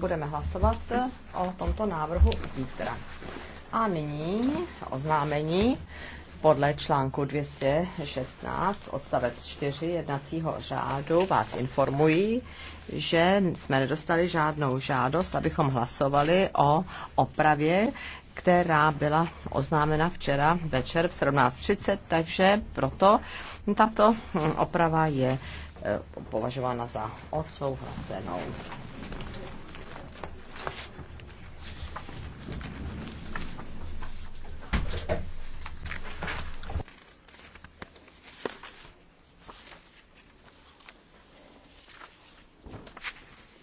budeme hlasovat o tomto návrhu zítra. A nyní oznámení podle článku 216 odstavec 4 jednacího řádu vás informují, že jsme nedostali žádnou žádost, abychom hlasovali o opravě, která byla oznámena včera večer v 17.30, takže proto tato oprava je eh, považována za odsouhlasenou.